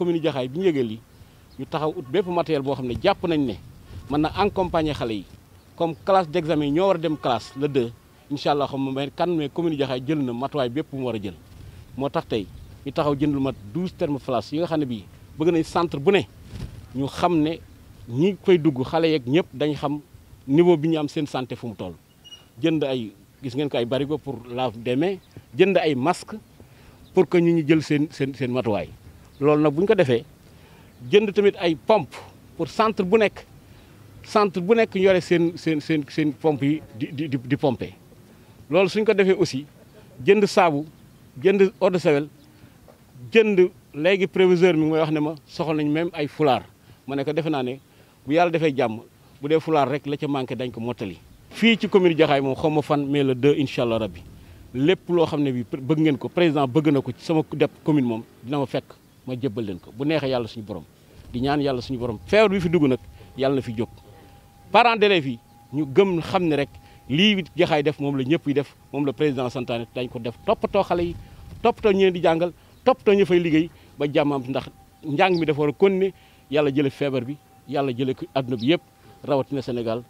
commune Jaxaay bi ñu yëgal li ñu taxaw ut bépp matériel boo xam ne jàpp nañ ne mën na accompagner xale yi comme classe d'examen yi ñoo war a dem classe le 2 incha allah xam ma kan mais commune Jaxaay jël na matuwaay bépp mu war a jël moo tax tey ñu taxaw jëndul mat 12 thermoflash yi nga xam ne bii bëgg nañ centre bu ne ñu xam ne ñi koy dugg xale yeeg ñëpp dañ xam niveau bi ñu am seen santé fu mu toll jënd ay gis ngeen ko ay barigo pour lave des jënd ay masque pour que ñu ñu jël seen seen seen matuwaay loolu nak buñ ko défé jënd tamit ay pompe pour centre bu nek centre bu nek ñoré sen sen sen sen pompe yi di di di pomper loolu suñ ko défé aussi jënd sabu jënd eau de Javel jënd léegi préviseur mi mooy wax né ma soxla nañ même ay foulard ma ne ko défé na né bu yalla défé jamm bu dee fulaar rek la ci manqué dañ ko motali fi ci commune Jaxaay moom xaw fan mais le 2 inshallah allah rabbi lépp lo xam bi bëgg ngeen ko président bëgg na ko ci sama dep commune mom dina ma fekk. ma jébbal leen ko bu neexee yàlla suñu borom di ñaan yàlla suñu borom feebar bi fi dugg nag yàlla na fi jóg parents d'élèves yi ñu gëm xam ne rek lii jaxaay def moom la ñëpp yi def moom la président santanet dañ ko def toppatoo xale yi too ñeen di jàngal toppatoo ñu fay liggéey ba jàmmam ndax njàng mi dafa war a continuer yàlla jële feebar bi yàlla jële ko adduna bi yëpp rawatina Sénégal